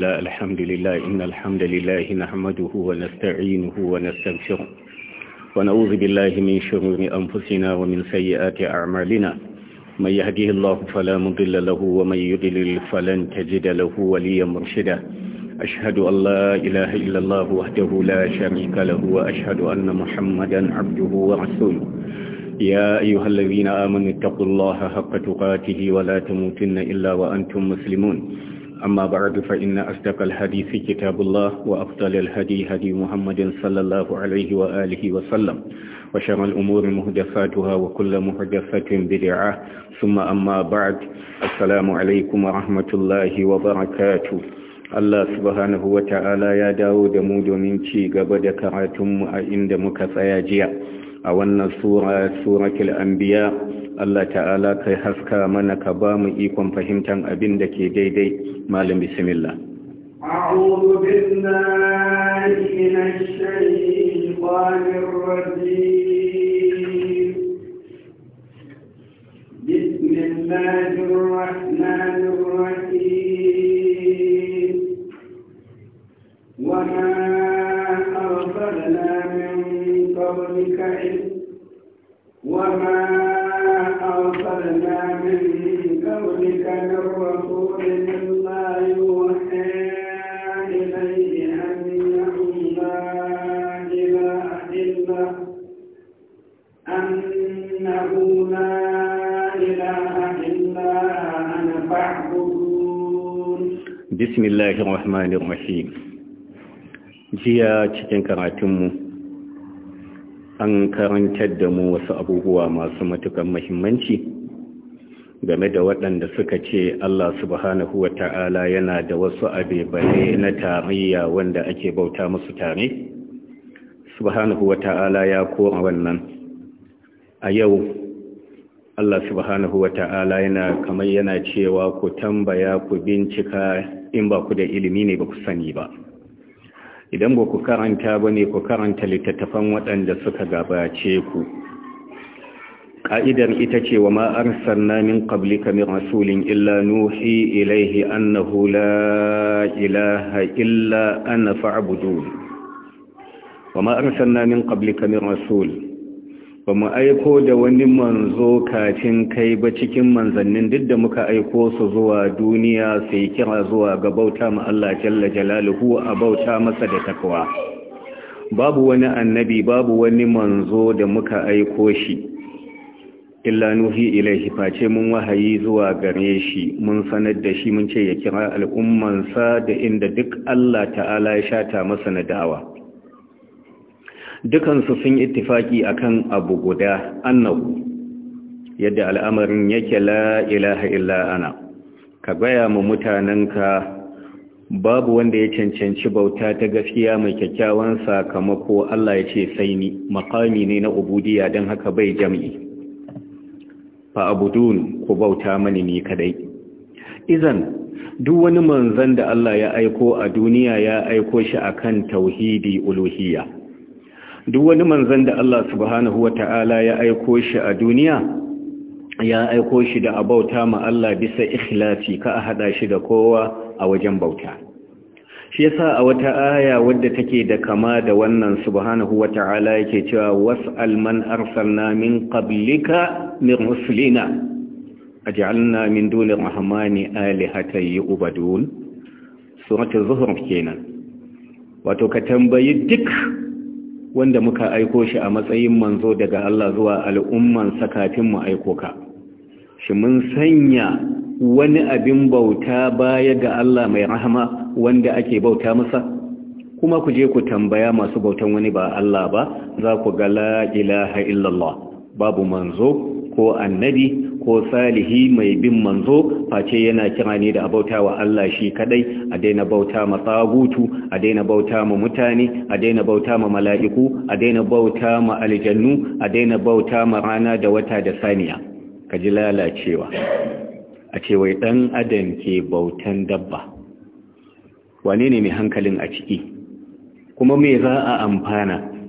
لا الحمد لله إن الحمد لله نحمده ونستعينه ونستغفره ونعوذ بالله من شرور أنفسنا ومن سيئات أعمالنا من يهديه الله فلا مضل له ومن يضلل فلن تجد له وليا مرشدا أشهد أن لا إله إلا الله وحده لا شريك له وأشهد أن محمدا عبده ورسوله يا أيها الذين آمنوا اتقوا الله حق تقاته ولا تموتن إلا وأنتم مسلمون أما بعد فإن أصدق الحديث كتاب الله وأفضل الهدي هدي محمد صلى الله عليه وآله وسلم وشر الأمور مهدفاتها وكل مهدفة بدعة ثم أما بعد السلام عليكم ورحمة الله وبركاته Allah subhanahu wa ta'ala ya dawo da mu domin ci gaba da karatunmu a inda muka tsaya jiya a wannan sura suratul anbiya Allah ta'ala kai haska mana ka ba mu ikon fahimtar abin da ke daidai malam bismillah أعوذ بالله من الشيطان الرجيم بسم الله الرحمن الرحيم وما أرسلنا من قبلك وما أرسلنا من قبلك من رسول إلا يوحى إليه أنه لا إله إلا أنه لا إله إلا أنا فاعبدون بسم الله الرحمن الرحيم jiya cikin karatunmu an karantar da mu wasu abubuwa masu matukan mahimmanci game da waɗanda suka ce Allah subhanahu wa ta'ala yana da wasu abebane na tarayya wanda ake bauta musu tare subhanahu wa ta'ala ya kora wannan a yau Allah subhanahu wa ta'ala yana kamar yana cewa ku tambaya ku bincika in ba ku da ilimi ne ba ku sani ba idan ba ku karanta ba ne ku karanta littattafan waɗanda suka gabace ku ƙa'idar ita ce wa ma'ar sannamin ƙabli kamar rasulun illa nuhi ilaihi annahu la ilaha illa ana fa'abudu wa ma'ar sannamin ƙabli kamar rasulun ba mu aiko da wani manzo kacin kai ba cikin manzannin duk da muka aiko su zuwa duniya sai kira zuwa ga bauta ma Allah jalla jalaluhu a bauta masa da takwa babu wani annabi babu wani manzo da muka aiko shi illa nuhi ilaihi face mun wahayi zuwa gare shi mun sanar da shi mun ce ya kira al'ummansa da inda duk Allah ta'ala ya shata masa na da'awa dukansu sun ittifaki akan abu guda annahu yadda al'amarin yake la ilaha illa ana ka gaya mu mutanenka babu wanda ya cancanci bauta ta gaskiya mai kyakkyawan sakamako Allah ya ce sai ni makami ne na ubudiya don haka bai jam'i fa abudun ku bauta mani ni kadai izan duk wani manzon da Allah ya aiko a duniya ya aiko shi akan tauhidi uluhiyya duk wani manzan da Allah subhanahu wata'ala ya aiko shi a duniya ya aiko shi da abauta ma Allah bisa ikhlasi ka a hada shi da kowa a wajen bauta shi yasa a wata aya wadda take da kama da wannan subhanahu wata'ala yake cewa was'al man arsalna min qablika min rusulina aj'alna min duni rahmani alihatan yu'badun suratul zuhr kenan wato ka tambayi duk wanda muka aiko shi a matsayin manzo daga Allah zuwa al'umman kafin mu aiko ka shi mun sanya wani abin bauta baya ga Allah mai rahama wanda ake bauta masa kuma ku je ku tambaya masu bautan wani ba Allah ba za ku ga la ilaha illallah babu manzo ko annabi ko salihi mai bin manzo face yana kira ne da abauta wa Allah shi kadai a daina bauta ma tsagutu a daina bauta ma mutane a daina bauta ma mala'iku a daina bauta ma aljannu a daina bauta ma rana da wata da saniya ka ji lalacewa a ce wai dan adam ke bautan dabba wane ne mai hankalin a ciki kuma me za a amfana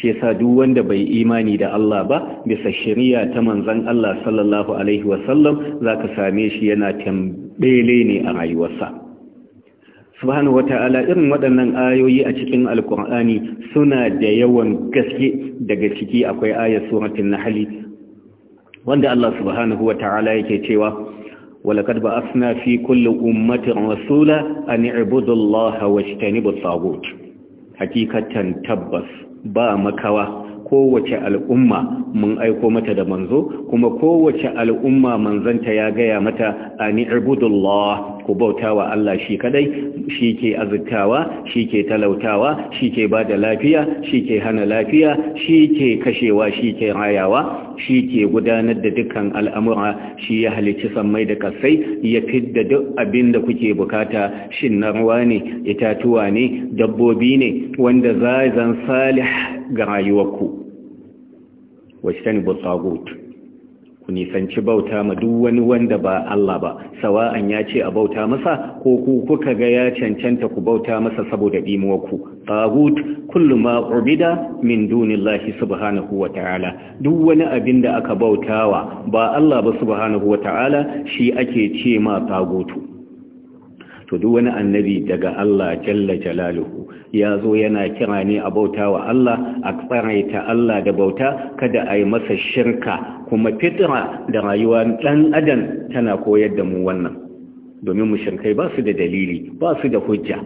shi yasa duk wanda bai imani da Allah ba bisa shari'a ta manzon Allah sallallahu alaihi wasallam zaka same shi yana tambele ne a rayuwarsa subhanahu wata'ala irin waɗannan ayoyi a cikin alkur'ani suna da yawan gaske daga ciki akwai ayar suratul nahl wanda Allah subhanahu wata'ala yake cewa walaqad ba'athna fi kulli ummatin rasula an i'budu allaha wajtanibu at-taghut hakikatan tabbas ba makawa kowace al'umma mun aiko mata da manzo kuma kowace al'umma manzanta ya gaya mata ani ibudullah ku bauta wa Allah shi kadai shi ke azurtawa shi ke talautawa shi ke ba da lafiya shi ke hana lafiya shi ke kashewa shi ke rayawa shi ke gudanar da dukkan al'amura shi ya halici sammai da kasai ya fidda duk abin da kuke bukata shin narwa ne itatuwa ne dabbobi ne wanda za zan salih ga rayuwarku wasu tani bu ku nisanci bauta ma duk wani wanda ba Allah ba sawa'an ya ce a bauta masa ko ku kuka ga ya cancanta ku bauta masa saboda ku tagut kullu ma ubida min dunillahi subhanahu wa ta'ala duk wani abin da aka bautawa ba Allah ba subhanahu wa ta'ala shi ake ce ma tagutu to duk wani annabi daga Allah jalla jalaluhu ya zo yana kira ne a bauta wa Allah a tsaraita Allah da bauta kada a yi masa shirka kuma fitra da rayuwa ɗan adam tana koyar da mu wannan domin mu mushrikai ba su da dalili ba su da hujja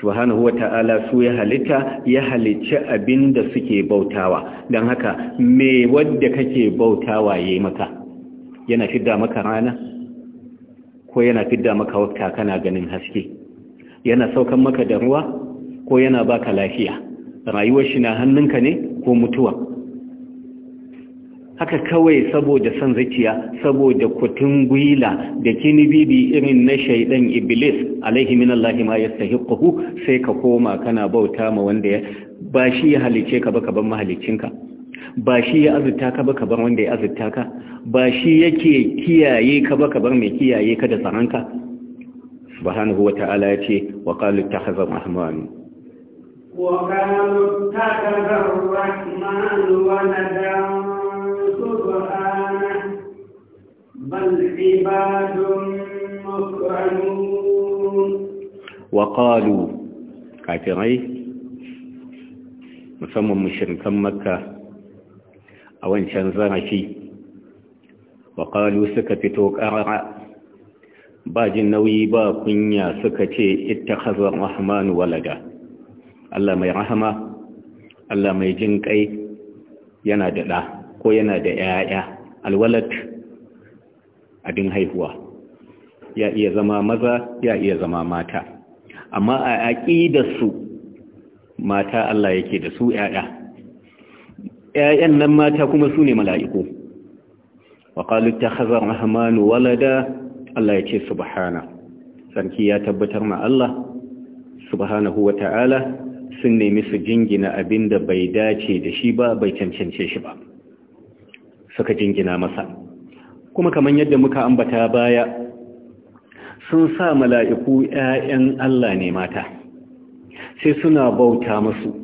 subhanahu ta'ala su ya halitta ya halicci abin da suke bautawa don haka me wadda kake bautawa yayi maka yana shidda maka rana ko yana fidda maka wata kana ganin haske yana saukan maka da ruwa ko yana baka lafiya rayuwar shi na hannunka ne ko mutuwa haka kawai saboda san zakiya saboda kutun gwila da bibi irin na shaidan iblis alaihi minallahi ma yastahiquhu sai ka koma kana bauta ma wanda ba shi ya halice ka ba ka ban mahalicinka ba shi ya azurta ka ba kabar wanda ya azurta ka ba shi yake kiyaye ka ba kabar mai kiyaye ka da tsaranka subhanahu wata'ala ya ce wa qalu takhazza rahman wa qalu takhazza rahman waladan wa qalu kafirai musamman mushrikan makka a wancan zarafi waƙalu suka fito ƙarara ba jin nauyi ba kunya suka ce ita hazar rahmanu Walaga. Allah mai rahama Allah mai jin ƙai yana da ɗa ko yana da ‘ya'ya alwalat abin haihuwa ya iya zama maza ya iya zama mata amma a da su. mata Allah yake da su ‘ya'ya ƴaƴan nan mata kuma su ne mala'iku wa qalu takhazza rahmanu walada Allah ya ce subhana sarki ya tabbatar ma Allah subhanahu wa ta'ala sun nemi su jingina abinda bai dace da shi ba bai cancance shi ba suka jingina masa kuma kamar yadda muka ambata baya sun sa mala'iku ‘ya'yan Allah ne mata sai suna bauta musu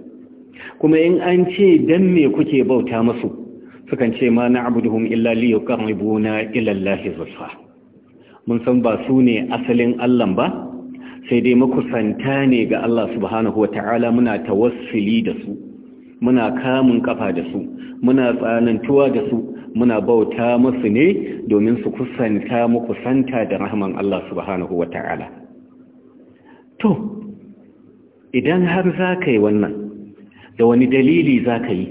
kuma in an ce dan me kuke bauta musu sukan ce ma na abuduhum illa yuqarribuna ila Allahi zulfa mun san ba su ne asalin Allah ba sai dai makusanta ne ga Allah subhanahu wata'ala muna tawassuli da su muna kamun kafa da su muna tsanantuwa da su muna bauta musu ne domin su kusanta muku santa da rahman Allah subhanahu wata'ala to idan har za ka yi wannan da wani dalili za ka yi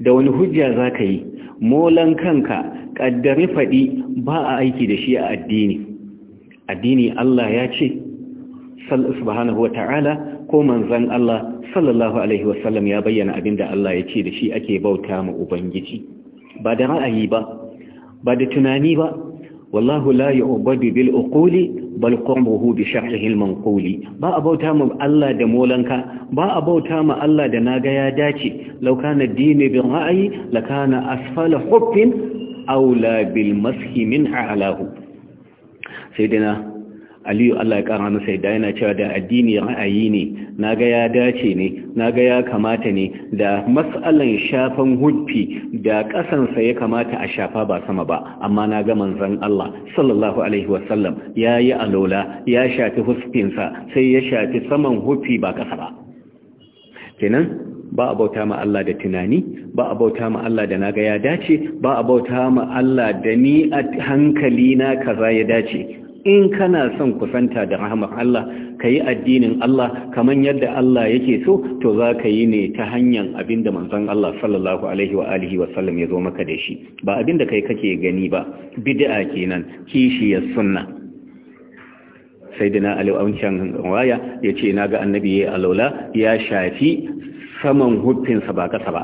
da wani hujja za ka yi molan kanka ƙaddari faɗi ba a aiki da shi a addini addini Allah ya ce subhanahu wa ta'ala ko manzan Allah sallallahu alaihi wasallam ya bayyana abin da Allah ya ce da shi ake bauta ma ubangiji ba da ra'ayi ba ba da tunani ba wallahu la yu'badu bil uquli bal qurbuhu bi shar'ihi al manquli ba abauta mu Allah da molanka ba abauta mu Allah da naga ya dace law kana dini bin ra'ayi lakana asfala hubbin aula bil mashi min a'lahu aliyu Allah ya kara masa yadda yana cewa da addini ra'ayi ne na ga ya dace ne na ga ya kamata ne da matsalan shafan huffi da kasansa ya kamata a shafa ba sama ba amma na naga manzon Allah sallallahu alaihi wasallam yi alola ya shafi huskinsa sai ya shafi saman huffi ba kasa ba kenan ba a bauta ma Allah da tunani ba a bauta ma Allah da naga ya dace ba a bauta ma Allah da ni a hankali na kaza ya dace in kana son kusanta da rahmar Allah ka yi addinin Allah kamar yadda Allah yake so to za ka yi ne ta hanyar abinda manzon Allah sallallahu alaihi wa alihi wa ya zo maka da shi ba abinda kai kake gani ba bid'a kenan kishiyar sunna sayyidina Ali wancan waya yace ga annabi yayi alaula ya shafi saman huffinsa ba kasa ba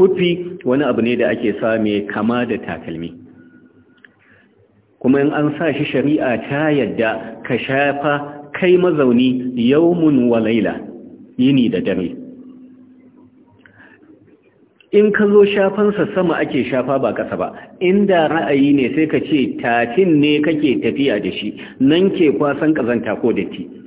huffi wani abu ne da ake sa mai kama da takalmi kuma in an sa shi shari'a ta yadda ka shafa kai mazauni yawmun walaila yini da dare in ka zo shafansa sama ake shafa ba kasa ba inda ra'ayi ne sai ka ce tatin ne kake tafiya da shi nan ke kwasan ƙazanta ko datti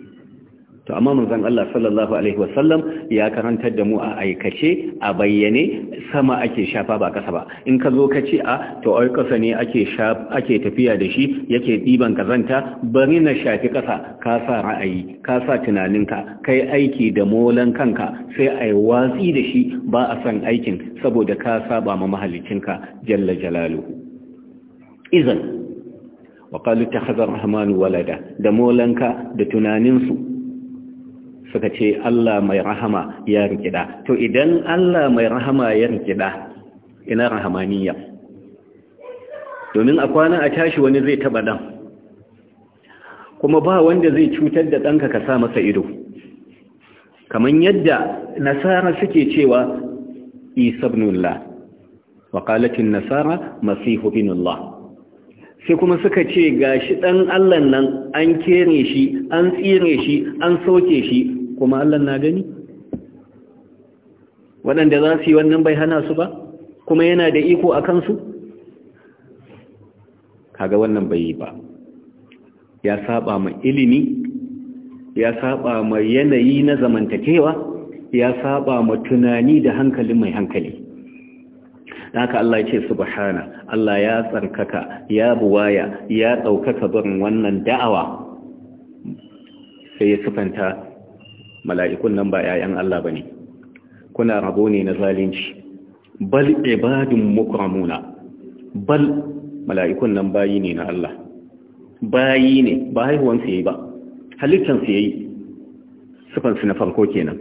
to amma manzon Allah sallallahu alaihi wasallam ya karantar da mu a aikace a bayyane sama ake shafa ba kasa ba in ka zo ka ce a to ai kasa ne ake ake tafiya da shi yake diban kazanta bari na shafi kasa ka sa ra'ayi ka sa tunaninka kai aiki da molan kanka sai ai watsi da shi ba a san aikin saboda ka saba ma ka, jalla jalaluhu izan wa qalu takhadha ar-rahmanu walada da molanka da tunaninsu suka ce Allah mai rahama ya rikida to idan Allah mai rahama ya rikida ina rahamaniya domin a kwana a tashi wani zai taba dan kuma ba wanda zai cutar da ɗanka ka sa masa ido kamar yadda nasara suke cewa isa ibnullah wa nasara masihu ibnullah sai kuma suka ce ga shi ɗan Allah nan an kere shi an tsire shi an soke shi kuma Allah na gani waɗanda za su yi wannan bai hana su ba kuma yana da iko a kansu kaga wannan bai yi ba ya saba ma ilimi ya saba ma yanayi na zamantakewa ya saba ma tunani da hankali mai hankali haka Allah ce subhana Allah ya tsarkaka ya buwaya ya ɗaukaka barin wannan da'awa sai ya sufanta mala'ikun nan ba ‘ya'yan Allah ba ne kuna rabo ne na zalunci bal ibadun mukramuna bal mala'ikun nan bayi ne na Allah bayi ne ba haihuwansu ya yi ba halittansu ya yi sufansu na farko kenan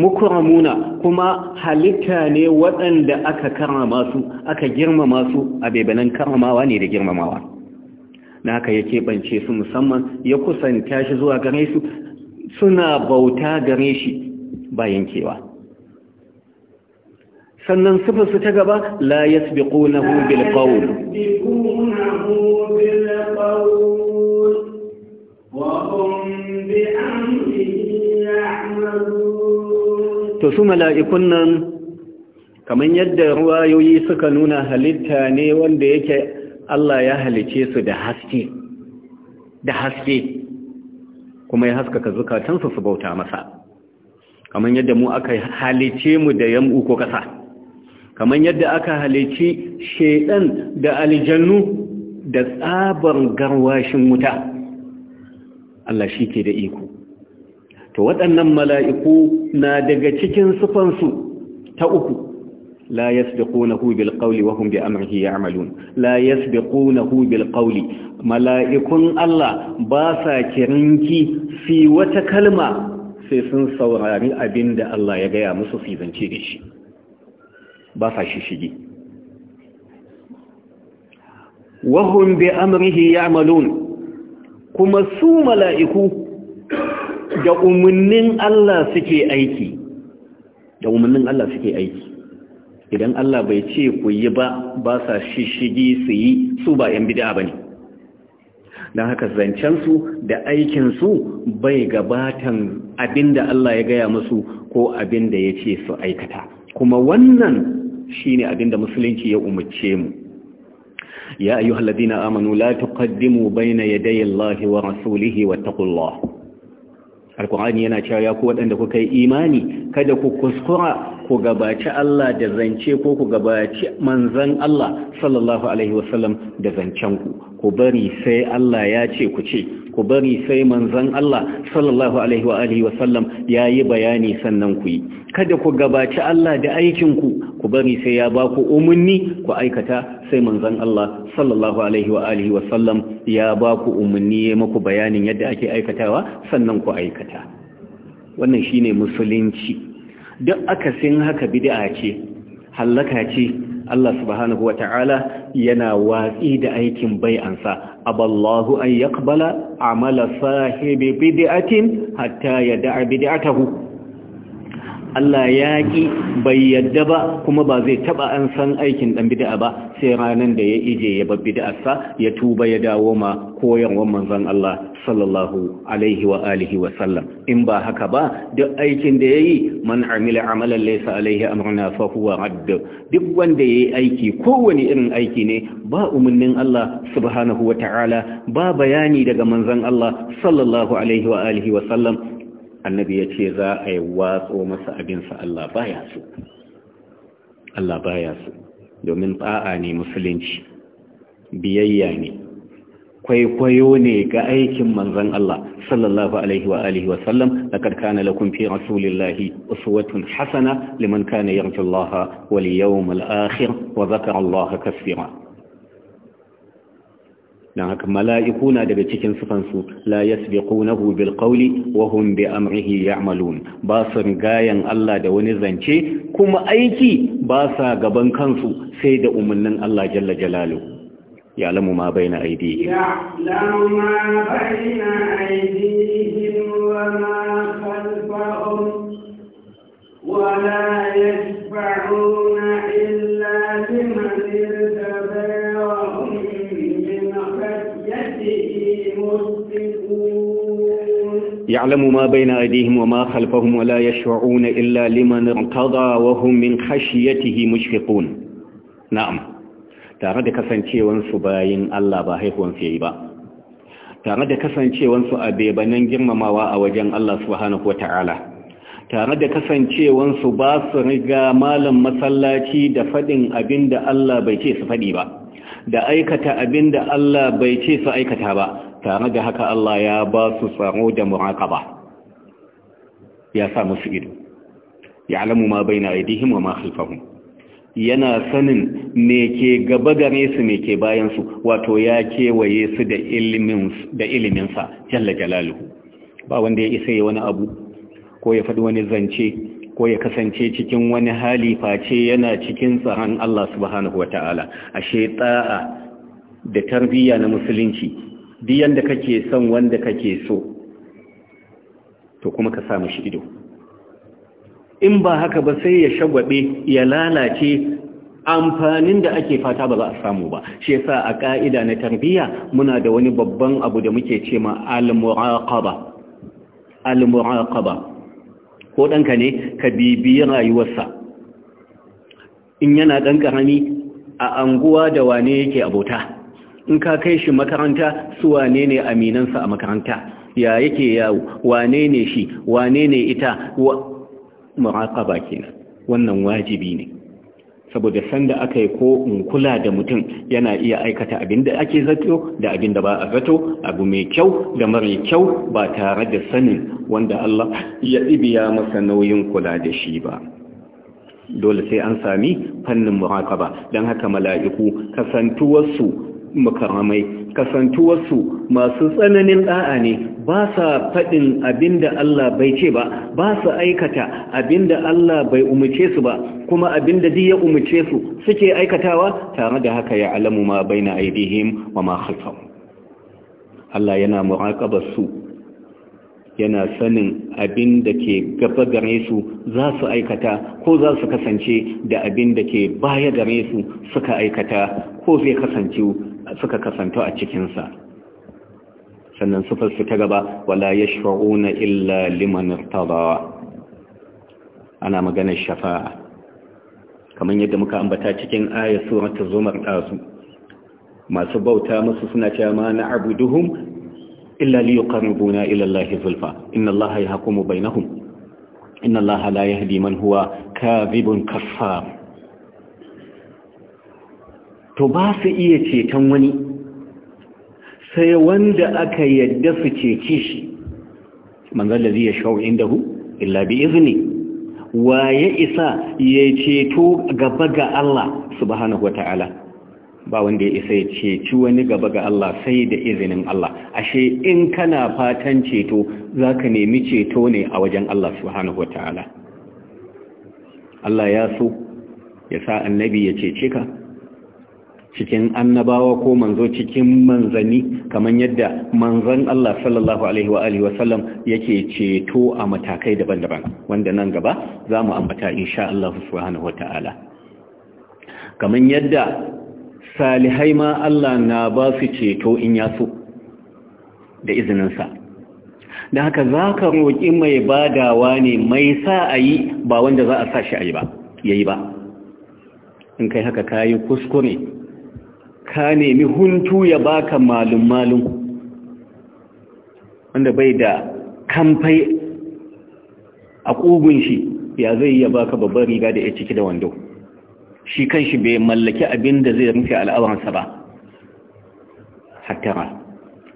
mukramuna kuma halitta ne waɗanda aka karama su aka girmama su a bebanan karamawa ne da girmamawa na haka ya keɓance su musamman ya kusanta shi zuwa gare su suna bauta gare shi bayan kewa sannan sifarsu ta gaba la na bil qawl to su mala'ikun nan kamar yadda ruwayoyi suka nuna halitta ne wanda yake Allah ya halice su da haske da haske kuma ya haskaka zukatansu su bauta masa kaman yadda mu aka halice mu da yam'u ko kasa kamar yadda aka halice shedan da aljannu da tsabar garwashin wuta Allah shi ke da iko to waɗannan mala'iku na daga cikin sufansu ta uku لا يسبقونه بالقول وهم بأمره يعملون لا يسبقونه بالقول ملائكون الله باسا كرنكي في وتكلمة sai sun saurari abinda da Allah ya gaya musu su zance da shi ba sa shi shige wahun bi amrihi kuma su mala'iku da umarnin Allah da umarnin Allah suke aiki idan Allah bai ce ku yi ba ba sa shishigi su yi su ba ‘yan bida ba ne don haka zancensu da aikinsu bai gabatan abinda Allah ya gaya musu ko abinda ya ce su aikata kuma wannan shine abinda musulunci ya umarce mu ya ayyuhal na amanu la taqaddimu bayna yaday Allahi wa rasulihi wattaqullah alqur'ani yana cewa ya ku waɗanda kuka yi imani kada ku kuskura ku gabaci Allah da zance ko ku gabaci manzan Allah sallallahu alaihi wasallam da zancen ku ku bari sai Allah ya ce ku ce ku bari sai manzan Allah sallallahu alaihi wa alihi wasallam yayi bayani sannan ku yi kada ku gabaci Allah da aikin ku ku bari sai ya ba ku umarni ku aikata sai manzan Allah sallallahu alaihi wa alihi wasallam ya ba ku umarni ya maku bayanin yadda ake aikatawa sannan ku aikata wannan shine musulunci duk akasin haka bid'a ce hallaka ce Allah subhanahu wata'ala yana watsi da aikin bai'ansa aballahu an yaqbala amala sahibi bid'atin hatta yada'a bid'atahu Allah ya ƙi bai yadda ba kuma ba zai taɓa an san aikin ɗan bida'a ba sai ranar da ya ije ya bar bida'arsa ya tuba ya dawo ma koyarwar manzan Allah sallallahu alaihi wa alihi wa sallam in ba haka ba duk aikin da yayi man amila amalan laysa alaihi amruna fa huwa radd duk wanda yayi aiki kowane irin aiki ne ba umarnin Allah subhanahu wa ta'ala ba bayani daga manzan Allah sallallahu alaihi wa alihi wa sallam annabi ya ce za a yi watso masa abinsa Allah baya so Allah ya so domin tsa'a ne musulunci biyayya ne kwaikwayo ne ga aikin manzon Allah sallallahu alaihi wa alihi wa sallam laqad kana lakum fi rasulillahi uswatun hasana liman kana yarju Allah wal yawmal akhir wa dhakara Allah don haka mala'iku na daga cikin sufansu la yasbiqunahu bil qawli wa hum bi amrihi ya'malun ba su gayan Allah da wani zance kuma aiki ba sa gaban kansu sai da umarnin Allah jalla jalalu lamu ma baina aydihim ya'lamu ma baina wa ma khalfahum wa la illa يعلم ما بين أيديهم وما خلفهم ولا يشعرون إلا لمن ارتضى وهم من خشيته مشفقون Na'am, tare da kasancewansu bayin Allah ba haihuwansu ya yi ba tare da kasancewansu a bebanin girmamawa a wajen Allah subhanahu wata'ala tare da kasancewansu ba su riga malam masallaci da faɗin abinda Allah bai ce su faɗi ba da aikata abinda Allah bai ce su aikata ba tare da haka Allah ya ba su tsaro da muraƙaba ya sa musu ido Ya alamu ma baina aydihim wa ma khalfahum yana sanin me ke gaba gare su me ke bayansu wato ya kewaye su da iliminsa, jalla jalaluhu ba wanda ya isa yi wani abu ko ya faɗi wani zance ko ya kasance cikin wani hali face yana cikin tsaron Allah subhanahu wata'ala ashe ta'a da tarbiyya na musulunci Biyan da kake son wanda kake so to kuma ka samu shi ido in ba haka ba sai ya shagwabe ya lalace amfanin da ake fata ba za a samu ba shi yasa a ƙa'ida na tarbiyya muna da wani babban abu da muke ce ma al al ko ɗanka ne ka bibiyi rayuwarsa in yana dan karami a anguwa da wane yake abota in ka kai shi makaranta su wane ne aminansa a makaranta ya yake yawo wane ne shi wane ne ita wa muraqaba kenan wannan wajibi ne saboda sanda aka yi ko in kula da mutum yana iya aikata abin da ake zato da abin da ba a zato abu mai kyau da mara kyau ba tare da sanin wanda Allah ya ibiya masa nauyin kula da shi ba dole sai an sami fannin muraqaba don haka mala'iku kasantuwarsu makamai kasantuwarsu masu tsananin da'a ne ba sa faɗin abinda Allah bai ce ba ba sa aikata abinda Allah bai umarce su ba kuma abinda duk ya umarce su suke aikatawa tare da haka ya alamu ma bai na aidihim wa ma khalfahum Allah yana muraqabar su yana sanin abin da ke gaba gare su za su aikata ko za su kasance da abin da ke baya gare su suka aikata ko zai kasance suka kasanto a cikinsa sannan sufar ta gaba wala ya shafa'una illa liman irtabawa ana maganar shafa'a kamar yadda muka ambata cikin ayar surata zumar ɗazu masu bauta masu suna cewa ma na abuduhum illa li yuqarribuna ila zulfa inna Allaha hakumu bainahum inna Allaha la yahdi man huwa kadhibun kaffar to ba su iya ceton wani sai wanda aka yadda su ceci shi manzan da zai shawo inda hu illa bi izini wa ya isa ya ceto gaba ga Allah subhanahu wa ta'ala ba wanda ya isa ya ceci wani gaba ga Allah sai da izinin Allah ashe in kana fatan ceto za ka nemi ceto ne a wajen Allah subhanahu wa ta'ala Allah ya so ya sa annabi ya cece ka cikin annabawa ko manzo cikin manzani kamar yadda manzan Allah sallallahu alaihi wa alihi wasallam yake ceto a matakai daban-daban wanda nan gaba za mu ambata insha Allah subhanahu wataala kamar yadda salihai ma Allah na ba su ceto in ya so da izininsa da haka za ka roƙi mai badawa ne mai sa a yi ba wanda za a sa shi a yi ba ya ba in kai haka kayi kuskure ka nemi huntu ya baka malum malum wanda bai da kamfai a ƙugun shi ya zai ya baka babbar riga da ya ciki da wando shi kan shi bai mallaki abin da zai rufe al'awarsa ba hattara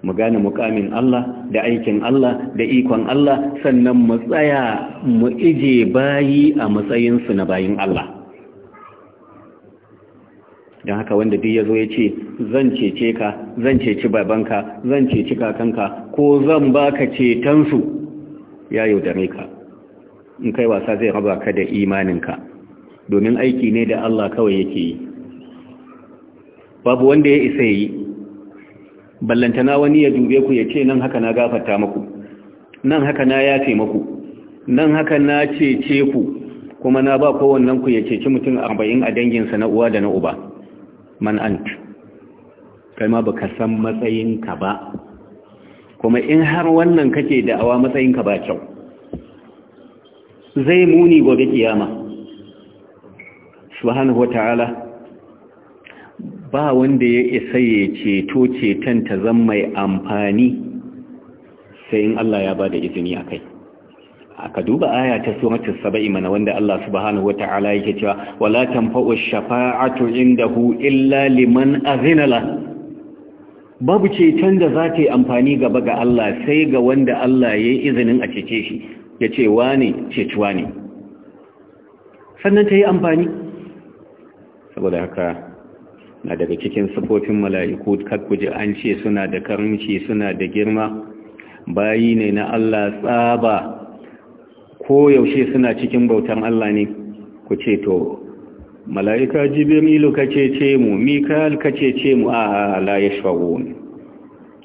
mu gane mukamin Allah da aikin Allah da ikon Allah sannan mu tsaya mu ije bayi a matsayinsu na bayin Allah don haka wanda duk ya zo ya ce zan cece ka zan ceci babanka zan ceci kakanka ko zan baka cetonsu ya yaudare ka in kai wasa zai raba ka da imaninka domin aiki ne da Allah kawai yake yi babu wanda ya isa yi ballantana wani ya dube ku ya ce nan haka na gafarta maku nan haka na yace maku nan haka na cece ku kuma na ba kowannen ku ya ceci mutum arba'in a danginsa na uwa da na uba man ant kai ma baka san matsayinka ba kuma in har wannan kake da da'awa matsayinka ba kyau zai muni gobe kiyama subhanahu wata'ala ba wanda ya isa ya ceto ceton ta zan mai amfani sai in Allah ya ba da izini a kai aka duba aya ta suratul saba'i mana wanda Allah subhanahu wata'ala yake cewa wala tanfa'u shafa'atu indahu illa liman azina la babu ceton da za ta yi amfani gaba ga Allah sai ga wanda Allah ya yi izinin a cece shi ya ce wane ne sannan ta yi amfani saboda haka na daga cikin sufofin mala'iku kakkuji an ce suna da karanci suna da girma bayi ne na Allah tsaba ko yaushe suna cikin bautan Allah ne ku ce to mala'ika jibrilu kace ce mu mikael kace ce mu a la yashfa'un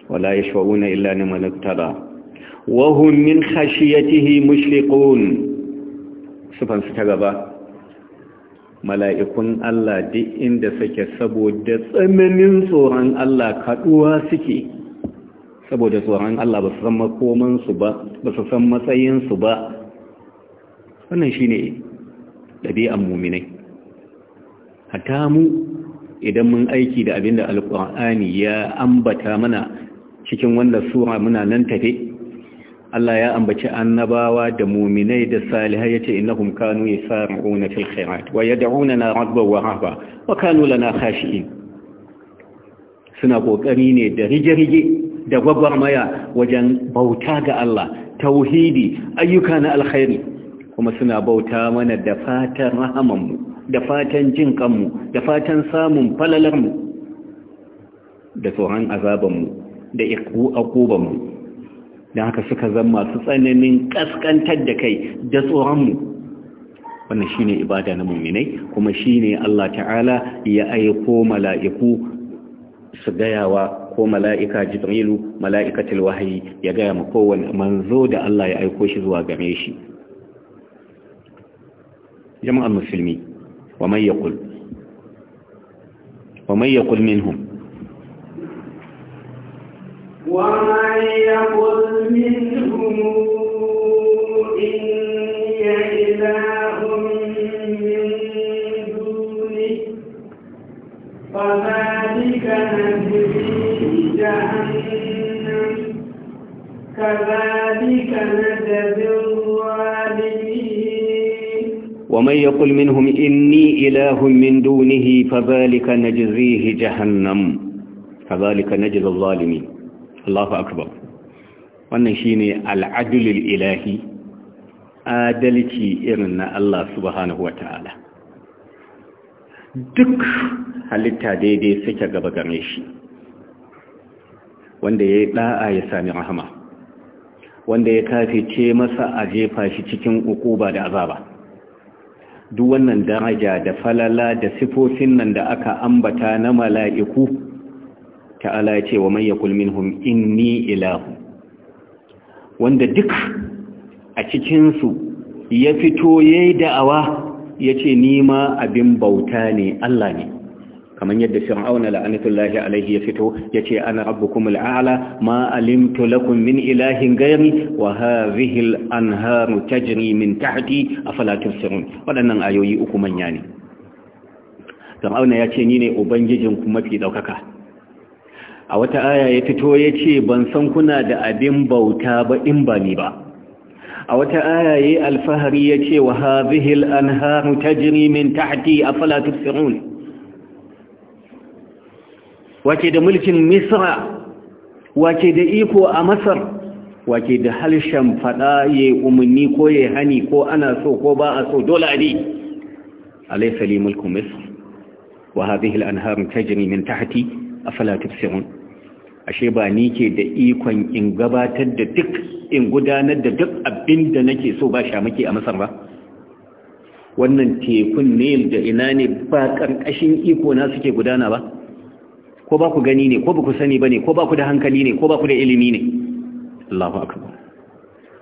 wala yashfa'un illa liman ittaba wa hum min khashiyatihi mushfiqun sufan su ta gaba mala'ikun Allah duk inda suke saboda tsananin tsoron Allah kaduwa suke saboda tsoron Allah ba su san makomansu ba ba su san matsayinsu ba wannan shine ɗabi'an muminai hatta mu idan mun aiki da abinda alƙur'ani ya ambata mana cikin wannan sura muna nan tafe Allah ya ambaci annabawa da muminai da salihai yace innahum kanu yasar'una fil khairat wa yad'unana rabban wa rahba wa kanu lana khashi'in suna kokari ne da rige-rige da gwagwarmaya wajen bauta ga Allah tauhidi ayyuka na alkhairi kuma suna bauta mana da fatan rahamanmu da fatan jin kanmu da fatan samun falalarmu da tsoron azabanmu da akubanmu da haka suka zama masu tsananin ƙaskantar da kai da tsoronmu wannan shine ibada na muminai kuma shine Allah ta'ala ya aiko mala'iku su gayawa ko mala'ika jibrilu mala'ikatul wahayi ya gaya ma kowane manzo da Allah ya aiko shi zuwa gare shi جمع المسلمين ومن يقل ومن يقل منهم ومن يقل منهم إني إله فذلك نجزي جهنم كذلك نجزي الوالدين ومن يقل منهم إني إله من دونه فذلك نجزيه جهنم كذلك نجزي الظالمين الله أكبر wannan shine al'adulil ilahi adalci irin na Allah subhanahu ta'ala. duk halitta daidai suke gaba game shi wanda ya ɗa'a ya sami rahama wanda ya kafice masa a jefa shi cikin ukuba da azaba duk wannan daraja da falala da sifofin nan da aka ambata na mala'iku ta ce wa manya kulmin hum inni ilahu wanda duk a cikinsu ya fito ya yi da'awa ya ce nima abin bauta ne Allah ne kamar yadda fir'auna la'anatullahi alaihi ya fito yace ana rabbukum al'ala ma alimtu lakum min ilahin ghairi wa hadhihi al'anharu tajri min tahti afala tubsirun wadannan ayoyi uku manya ne fir'auna yace ni ne ubangijin ku mafi daukaka a wata aya ya fito yace ban san kuna da abin bauta ba in ba ni ba a wata aya yayi alfahari yace wa hadhihi al'anharu tajri min tahti afala tubsirun wace da mulkin misra wace da iko a masar wace da halshen fada ya umarni ko ya hani ko ana so ko ba a so dole ne A li mulku misr wa hadhihi al-anhar min tahti afala tubsirun ashe ba ni ke da ikon in gabatar da duk in gudanar da duk abin da nake so ba shamaki a masar ba wannan tekun ne da ina ne ba ƙarƙashin iko na suke gudana ba ko ba ku gani ne ko ba ku sani ba ne ko ba ku da hankali ne ko ba ku da ilimi ne Allahu akbar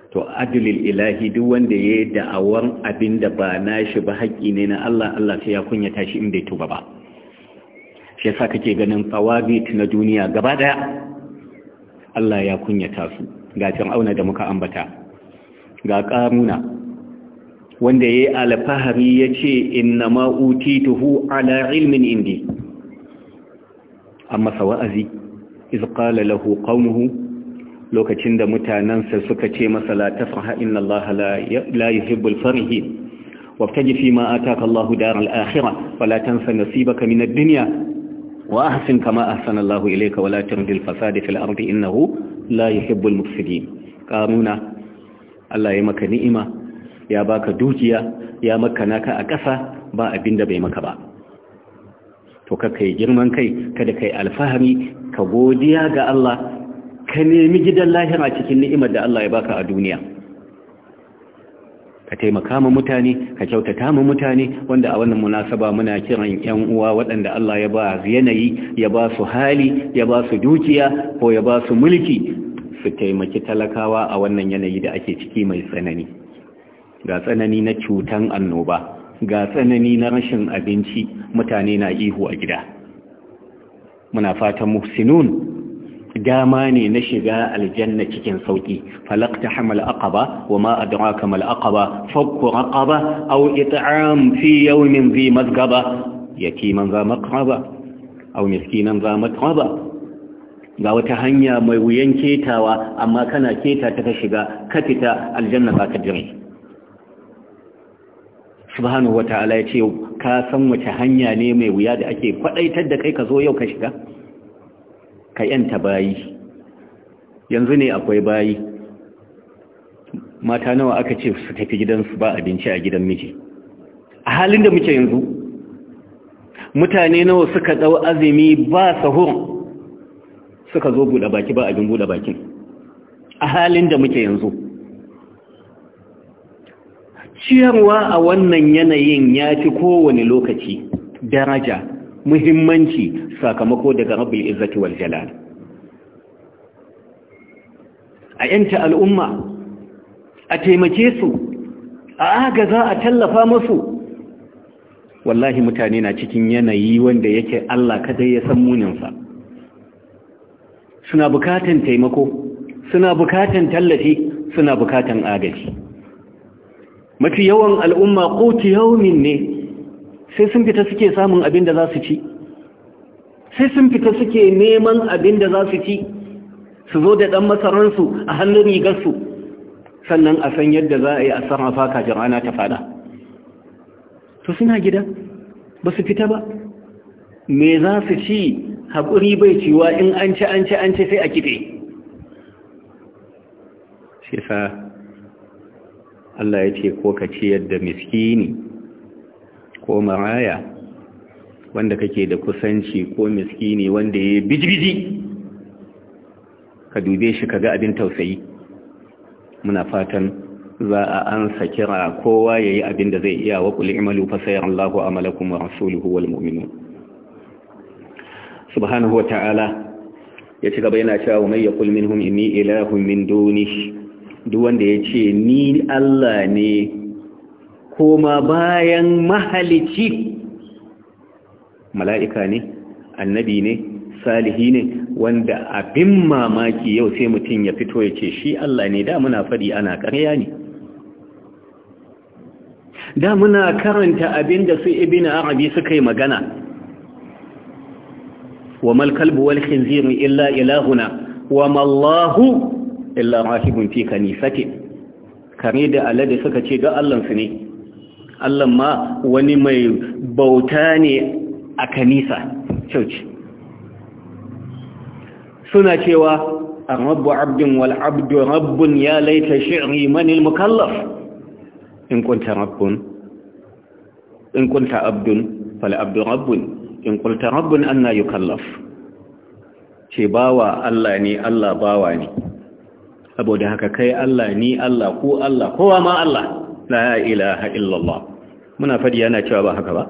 to adlil ilahi duk wanda yayi da'awar abinda ba nashi ba haƙi ne na Allah Allah sai ya kunya shi in bai tuba ba shi yasa kake ganin tsawabi na duniya gaba daya Allah ya kunyata su ga auna da muka ambata ga ƙaruna wanda ya yi alfahari ya ce inna ma'utituhu ala ilmin indi an masa wa’azi, izuƙala lahu ƙaunuhu lokacin da mutanensa suka ce masa latafa ha’in Allah layi hibbul farihi, wata gifi ma a taka Allah hudar al’ahira, falatansa nasiba ka minar duniya, wa a hasin kama a hasan Allah ilaika wa latin dil fasadi fil ardi innahu layi hibbul mufsidi. Ƙamuna, Allah ya maka ni’ima, ya baka dukiya, ya makana ka a ƙasa ba abinda bai maka ba. to ka kai girman kai kada kai alfahari ka godiya ga Allah ka nemi gidan lahira cikin ni'imar da Allah ya baka a duniya ka taimaka ma mutane ka kyautata ma mutane wanda a wannan munasaba muna kiran yan uwa waɗanda Allah ya ba yanayi ya ba su hali ya ba su dukiya ko ya ba su mulki su taimaki talakawa a wannan yanayi da ake ciki mai tsanani ga tsanani na cutan annoba ga tsanani na rashin abinci mutane na ihu a gida muna fatan muhsinun dama ne na shiga aljanna cikin sauki falakta hamal aqaba wa ma adraka mal aqaba fakku aqaba aw it'am fi yawmin dhi mazgaba yatiman za maqraba aw miskinan za maqraba ga wata hanya mai wuyan ketawa amma kana keta ta shiga ka fita aljanna ba ka dire subhanahu wata'ala ya ce ka san wace hanya ne mai wuya da ake kwadaitar da kai ka zo yau ka shiga ka yanta bayi yanzu ne akwai bayi mata nawa aka ce su tafi gidansu ba abinci a gidan miji a halin da muke yanzu mutane nawa suka dau azumi ba sahur suka zo buɗe baki ba abin buɗe bakin a halin da muke yanzu ciyarwa a wannan yanayin ya fi kowane lokaci daraja muhimmanci sakamako daga rabin izzati wal jalal a yanta al'umma a taimake su a za a tallafa musu wallahi mutane na cikin yanayi wanda yake Allah kadai ya san muninsa suna bukatan taimako suna bukatan tallafi suna bukatan agaji mafi yawan al'umma kotu yaunin ne sai sun fita suke samun abin da za su ci sai sun fita suke neman abin da za su ci su zo da ɗan masararsu a hannun rigarsu sannan a san yadda za a yi a sarrafa kajin rana ta fada to suna gida ba su fita ba me za su ci haƙuri bai ciwa in an ci an ci an ci sai a kiɗe Allah ya ce ko ka ciyar da miskini ko maraya wanda kake da kusanci ko miskini wanda ya biji-biji, ka dube shi ka ga abin tausayi muna fatan za a ansa kira kowa ya yi abin da zai iya waƙul imalu fasayar Allah amalakum wa rasuluhu wal muminu. subhanahu wa ta'ala ya ci gaba yana cewa mai kulmin hun inni ilahun min duk wanda ya ce ni Allah ne koma bayan mahalici mala'ika ne annabi ne salihi ne wanda abin mamaki yau sai mutum ya fito ya ce shi Allah ne da muna faɗi ana ƙarya ne da muna karanta abin da su ibina arabi suka yi magana wa malkalbu wal illa ilahuna wa mallahu illa rahibun fi kanisati kare da da suka ce ga Allah su ne Allah ma wani mai bauta ne a kanisa church suna cewa rabbu abdin wal abdu rabbun ya laita shi'ri man al mukallaf in kunta rabbun in kunta abdun fal abdu rabbun in kunta rabbun anna yukallaf ce bawa Allah ne Allah bawa ne saboda haka kai Allah ni Allah ku Allah kowa ma Allah la ilaha illallah muna fadi yana cewa ba haka ba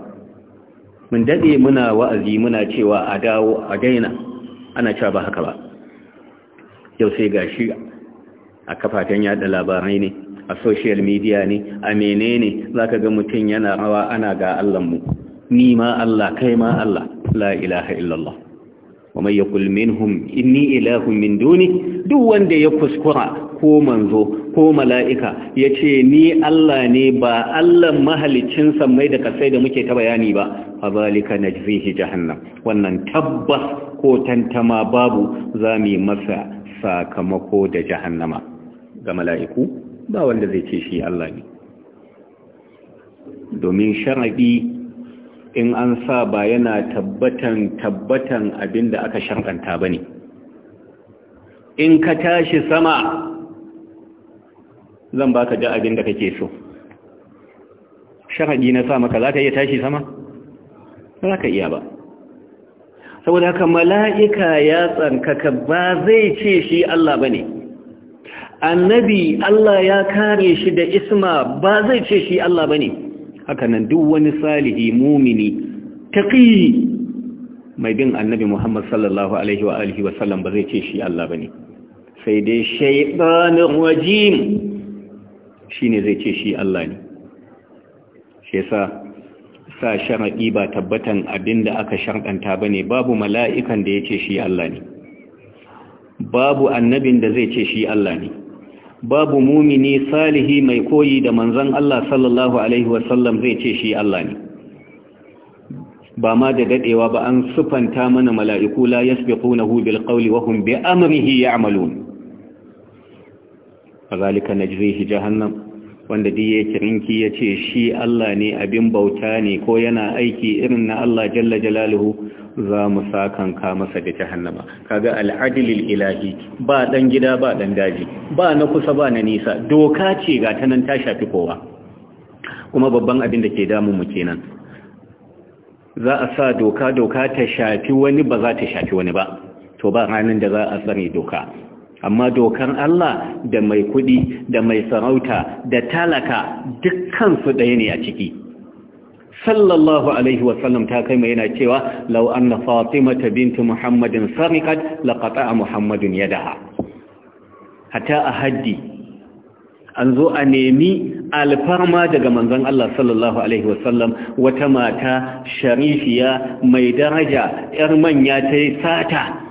mun dade muna wa'azi muna cewa a dawo a daina ana cewa ba haka ba yau sai gashi a kafafen yada labarai ne a social media ne a menene zaka ga mutum yana rawa ana ga Allah mu ni ma Allah kai ma Allah la ilaha illallah wa mai yakul minhum inni ilahun min duni duk wanda ya kuskura ko manzo ko mala'ika ya ce ni Allah ne ba Allah mahalicin mai da kasai da muke ta bayani ba a zalika na zihi jahannam wannan tabbas ko tantama babu za mu masa sakamako da jahannama ga mala'iku ba wanda zai ce shi Allah ne domin sharabi in an sa ba yana tabbatan tabbatan abin da aka sharɗanta ba ne in ka tashi sama zan ba ka ji abin da kake so shahadi na sa maka za ka iya tashi sama? za ka iya ba saboda haka mala'ika ya tsankaka ba zai ce shi Allah ba ne annabi Allah ya kare shi da isma ba zai ce shi Allah ba ne haka nan duk wani salihi mumini taqi mai bin annabi Muhammad sallallahu alaihi wa alihi wa sallam ba zai ce shi Allah bane sai dai shaytanir rajim shine zai ce shi Allah ne shi yasa sa sharadi ba tabbatan abinda aka sharɗanta bane babu mala'ikan da yace shi Allah ne babu annabin da zai ce shi Allah ne babu mumini salihi mai koyi da manzan Allah sallallahu Alaihi wasallam zai ce shi Allah ne ba ma da daɗewa ba an sufanta mana mala'iku la ya su biƙo wa hubil ƙauli wahun bi ya amalun a zalika na jire shi jahannam wanda duk ya kirinki ya ce shi Allah ne abin bauta ne ko yana aiki irin na Allah jalla jalaluhu za mu sakanka masa da jahannama kaga al'adilil ilahi ba dan gida ba dan daji ba na kusa ba na nisa doka ce ga ta nan ta shafi kowa kuma babban abin da ke damu mu kenan za a sa doka doka ta shafi wani ba za ta shafi wani ba to ba ranar da za a tsare doka amma dokan Allah da mai kudi da mai sarauta da talaka dukkan su ɗaya ne a ciki sallallahu alaihi wasallam ta kai mai yana cewa law anna fatimata bintu muhammadin sariqat laqata'a muhammadun yadaha hatta a haddi an zo a nemi alfarma daga manzon Allah sallallahu Alaihi wasallam wata mata sharifiya mai daraja ‘yar manya ta yi sata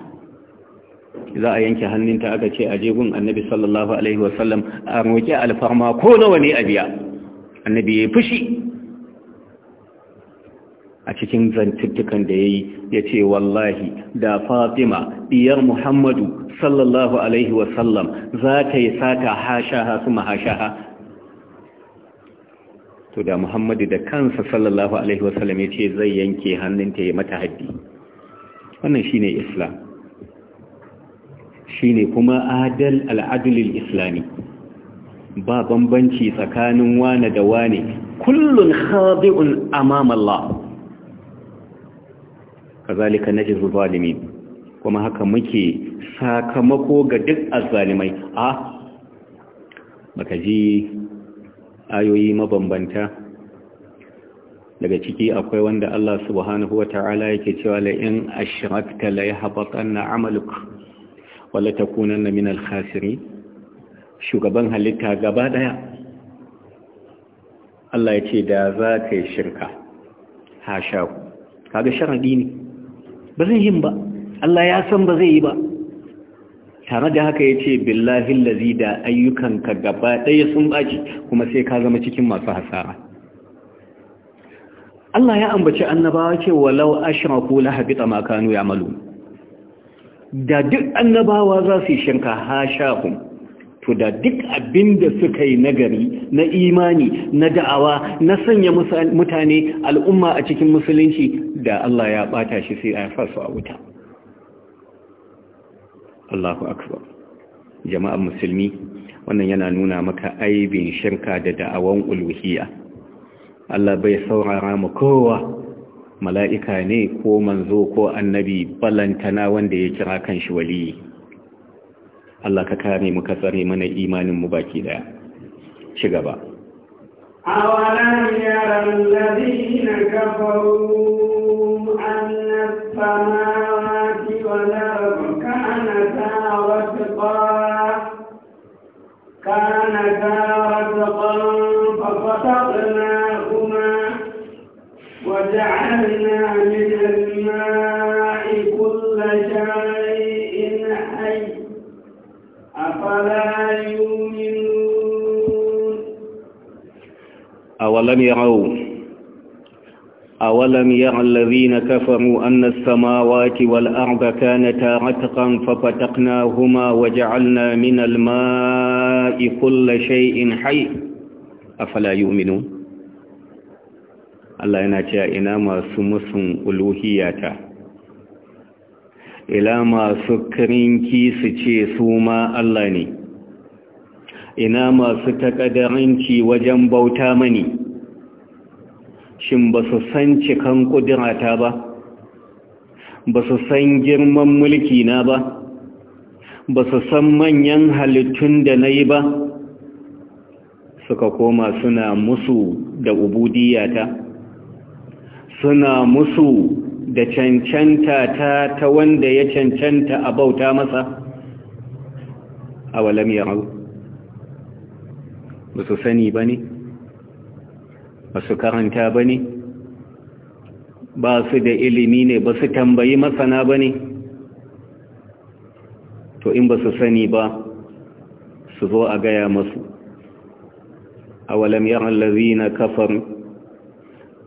za a yanke hannunta aka ce a jegun annabi sallallahu alaihi wasallam a roƙi alfarma ko nawa ne a biya annabi ya fushi a cikin zantuttukan da ya yi ya ce wallahi da fatima ɗiyar muhammadu sallallahu alaihi wasallam za ta yi sata hashaha su mahashaha to da muhammadu da kansa sallallahu alaihi wasallam ya ce zai yanke hannunta ya mata haddi wannan ne islam shine kuma adal al'adulil islami ba bambanci tsakanin wane da wane kullun khadi'un amam Allah kazalika najzu zalimin kuma haka muke sakamako ga duk azzalimai a baka ji ayoyi mabambanta daga ciki akwai wanda Allah subhanahu wa ta'ala yake cewa la in ashrakta la yahbatanna 'amaluka wala takunanna min al-khasirin shugaban halitta gaba daya Allah ya ce da za ka yi shirka ha shaku. kaga sharadi ne ba zai yin ba Allah ya san ba zai yi ba tare da haka ya ce billahi lazi da ayyukanka gaba ɗaya sun baci kuma sai ka zama cikin masu hasara Allah ya ambaci annabawa ce walau ashraku la habita ma kanu da duk annabawa za su yi shanka hashahun to da duk abin da suka yi nagari na imani na da'awa na sanya mutane al'umma a cikin musulunci da Allah ya bata shi sai ya fasu a wuta Allahu akbar jama'an musulmi wannan yana nuna maka aibin shinka da da'awan uluhiya. Allah bai saurara mu kowa mala'ika ne ko manzo ko annabi balantana wanda ya kira kan shi wali Allah ka kare mu ka tsare mana imanin mu baki daya ci gaba awalan yaran ladina من الماء كل شيء حي أفلا يؤمنون أولم يروا أولم يرى الذين كفروا أن السماوات والأرض كانتا رتقا ففتقناهما وجعلنا من الماء كل شيء حي أفلا يؤمنون Allah yana cewa ina masu musun uluhiyata ila masu kirinki su ce su ma Allah ne ina masu takadarinci wajen bauta mani shin ba su san cikan kudirata ba ba su san girman mulki na ba ba su san manyan halittun da na yi ba suka koma suna musu da ubudiyata suna musu da cancanta ta ta wanda ya cancanta a bauta masa a walam yarau ba su sani ba ne ba su karanta ba ne ba su da ilimi ne ba su tambayi masana ba ne to in ba su sani ba su zo a gaya masu a walam yaran lazina kafar.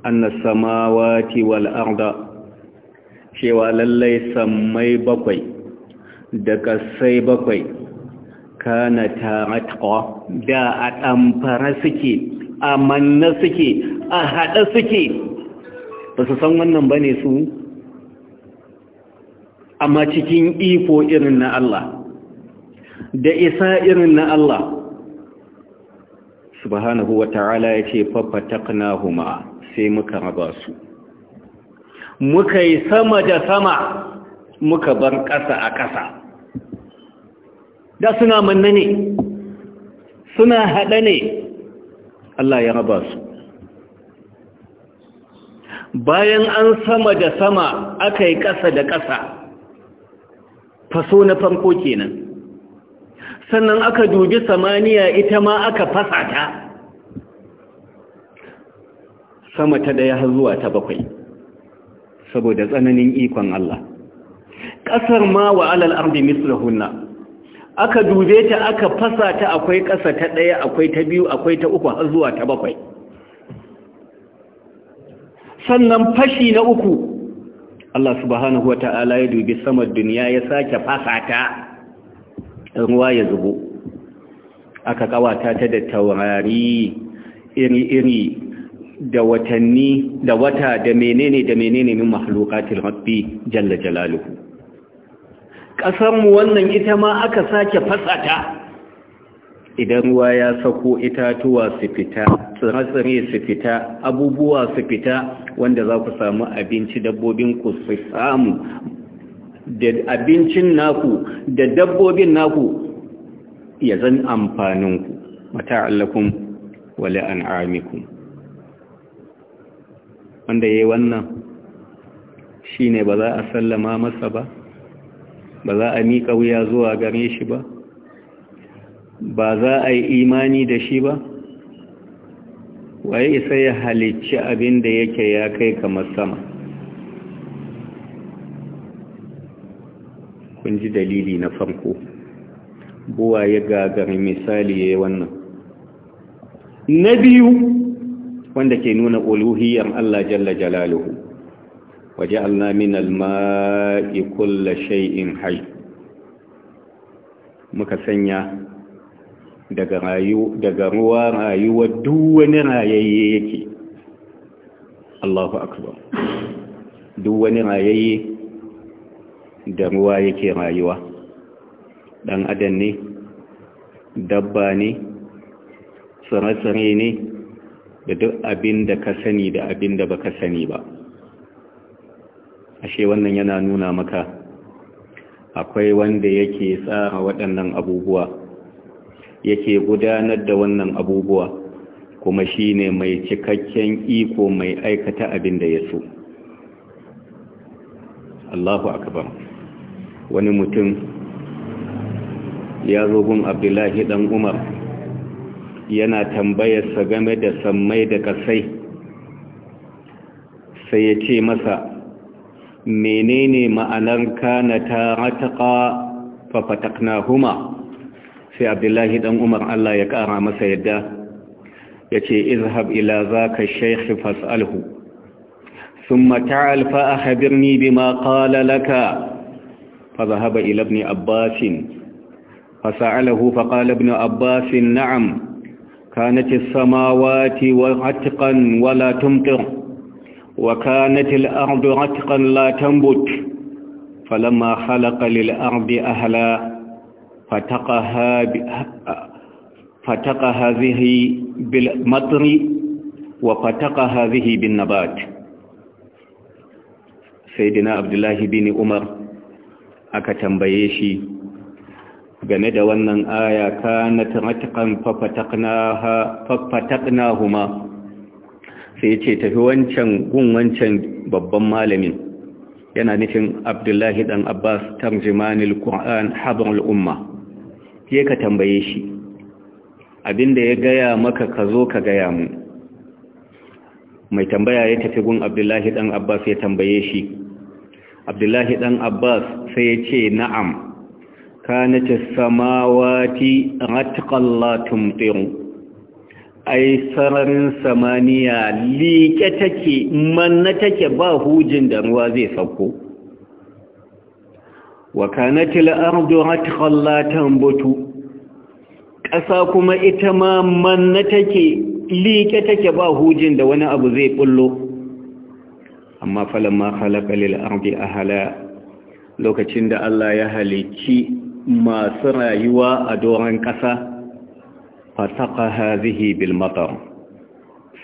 annas samawati wal arda cewa lallai sammai bakwai da kasai bakwai kana ta'atqa da a damfara suke a manna suke a hada suke ba su san wannan bane su amma cikin iko irin na Allah da isa irin na Allah subhanahu wa ta'ala ya ce fafatakna sai muka raba su muka yi sama da sama muka bar ƙasa a ƙasa da suna manna ne suna haɗa ne Allah ya raba su bayan an sama da sama aka yi ƙasa da ƙasa faso na farko kenan sannan aka dubi samaniya ita ma aka fasa ta sama ta ɗaya har zuwa ta bakwai saboda tsananin ikon Allah ƙasar ma wa alal ardi mislahunna aka dube ta aka fasa ta akwai ƙasa ta ɗaya akwai ta biyu akwai ta uku har zuwa ta bakwai sannan fashi na uku Allah subhanahu wata'ala ya dubi samar duniya ya sake fasa ta ruwa ya zubo aka kawata ta da taurari iri-iri da watanni da wata da menene da menene min mahlukatil rabbi jalla jalaluhu ƙasarmu wannan ita ma aka sake fasata idan ruwa ya sako itatuwa su fita tsire su fita abubuwa su fita wanda za ku samu abinci dabbobin ku su samu da abincin naku da dabbobin naku ya zan amfaninku mata'allakum wale an'amikum wanda ya yi wannan shi ne ba za a sallama masa ba ba za a miƙa wuya zuwa gare shi ba ba za a yi imani da shi ba waye isa ya halicci abin da yake ya kai kamar sama kun ji dalili na farko buwa ya gagar misali ya yi wannan na biyu wanda ke nuna uluhiyyar Allah jalla jalaluhu waja'alna minal ma'i kulla shay'in hayy muka sanya daga rayu daga ruwa rayuwa duk wani rayayye yake Allahu akbar duk wani rayayye da ruwa yake rayuwa dan adanni, ne dabba ne tsare-tsare ne da duk abin da ka sani da abin da baka sani ba ashe wannan yana nuna maka akwai wanda yake tsara waɗannan abubuwa yake gudanar da wannan abubuwa kuma shine mai cikakken iko mai aikata abin da ya so Allahu akbar wani mutum ya zo gun Abdullahi Ɗan Umar yana tambayarsa game da sammai da kasai sai ya ce masa menene ma'anar kana ta rataka fafatakna huma sai abdullahi dan umar Allah ya kara masa yadda ya ce izhab ila za ka shaikhi fas'alhu ثم تعال فأخبرني بما قال لك فذهب إلى ابن عباس فسأله فقال ابن عباس na'am. كانت السماوات عتقا ولا تمطر وكانت الأرض عتقا لا تنبت فلما خلق للأرض أهلا فتقها فتق هذه بالمطر وفتق هذه بالنبات سيدنا عبد الله بن عمر أكتم بيشي game da wannan aya kana ratqan fafatakna huma sai ce tafi wancan gun wancan babban malamin yana nufin Abdullahi dan Abbas tarjumanil Qur'an habar umma Ke ka tambaye shi abinda ya gaya maka ka zo ka gaya mu mai tambaya ya tafi gun Abdullahi dan Abbas ya tambaye shi Abdullahi dan Abbas sai ya ce na'am كانت السماوات غتقا لا تمطر ai sararin samaniya liƙe take manna take ba hujin da ruwa zai sauko wa kanatil ardu ratqan tambutu ƙasa kuma ita ma manna take liƙe take ba hujin da wani abu zai bullo amma falamma khalaqa lil ardi ahla lokacin da Allah ya halici masu rayuwa a doron ƙasa fasaka hazihi bilmatar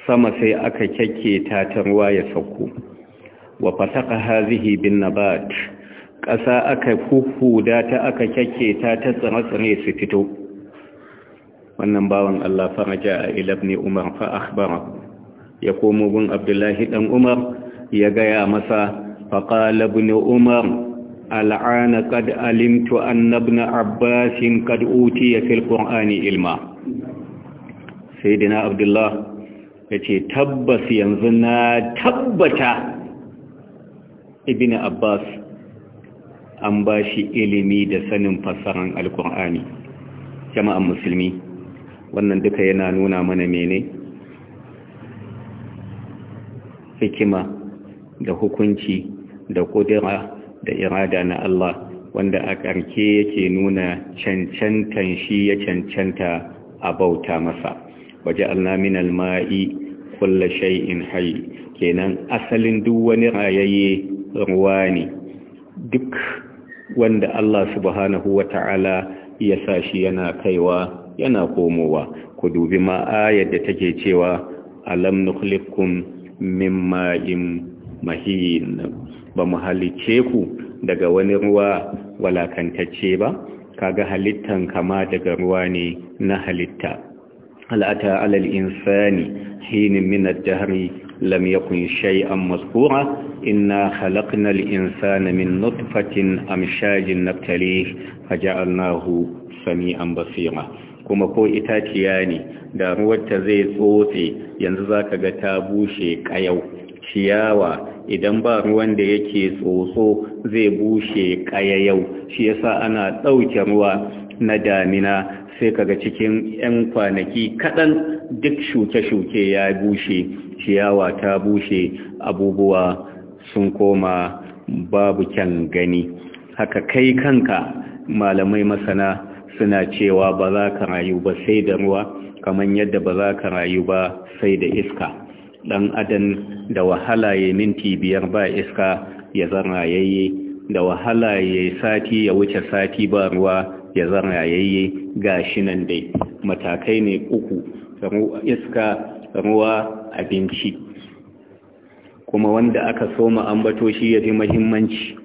sama sai aka kyakke ta ruwa ya sauko wa fasaka hazihi bin nabat ƙasa aka huhuda ta aka kyakke ta ta tsire su fito wannan bawan Allah faraja a ilabni umar fa ya komo gun abdullahi ɗan umar ya gaya masa faƙalabni umar al’ana kad alimtu annabna abbasin kad uti ya fi ƙon'ani ilma sai dina abdullah ya ce tabbas yanzu na tabbata ibina abbas an ba shi ilimi da sanin fasaran alƙon'ani jama'an musulmi wannan duka yana nuna mana mene hikima da hukunci da ƙudura da irada na Allah wanda a ƙarke yake nuna cancantan shi ya cancanta a bauta masa waje allamin alma'i kulla shay'in hayy kenan asalin duk wani rayaye ruwa ne duk wanda Allah subhanahu ta'ala ya sa shi yana kaiwa yana komowa ku dubi ma ayar da take cewa alam nukhlikum min ma'in mahin ba mu halice ku daga wani ruwa walakantacce ba kaga halittan kama daga ruwa ne na halitta al'ata alal insani hinin min ad lam yakun shay'an mazkura inna khalaqna al-insana min nutfatin amshajin nabtalih faja'alnahu sami'an basira kuma ko itaciya ne da ruwarta zai tsotse yanzu zaka ga ta bushe kayau ciyawa idan ba ruwan da yake tsotso zai bushe kayayau shi yasa ana ɗauke ruwa na damina sai kaga cikin 'yan kwanaki kaɗan duk shuke-shuke ya bushe ciyawa ta bushe abubuwa sun koma babu kyan gani haka kai kanka malamai masana suna cewa ba za ka rayu ba sai da ruwa kamar yadda ba za ka rayu ba sai da iska dan adam da wahala ya minti biyar ba iska ya zama yayye da wahala ya sati ya wuce sati ba ruwa ya zama yayye gashi nan dai matakai ne uku iska ruwa abinci kuma wanda aka soma ambato shi ya fi mahimmanci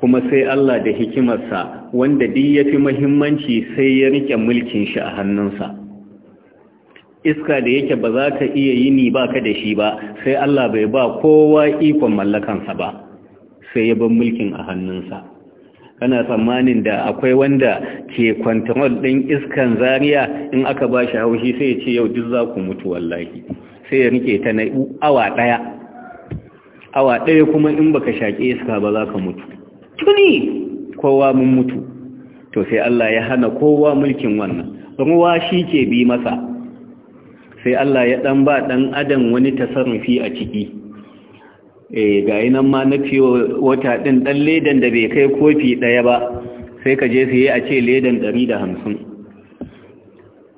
kuma sai Allah da hikimarsa wanda duk ya fi mahimmanci sai ya rike mulkin shi a hannunsa iska da yake ba za ka iya yi ni ba ka da shi ba sai Allah bai ba kowa ikon mallakansa ba sai ya ban mulkin a hannunsa kana tsammanin da akwai wanda ke kwantarol ɗin iskan zariya in aka ba shi haushi sai ya ce yau duk za ku mutu wallahi sai ya rike ta na awa ɗaya awa ɗaya kuma in baka shaƙe iska ba za ka mutu tuni kowa mun mutu to sai Allah ya hana kowa mulkin wannan ruwa shi ke bi masa sai Allah ya ɗan ba ɗan adam wani tasarrufi a ciki e ga nan ma na fi wata ɗin ɗan ledan da bai kai kofi ɗaya ba sai ka je sai a ce ledan ɗari da hamsin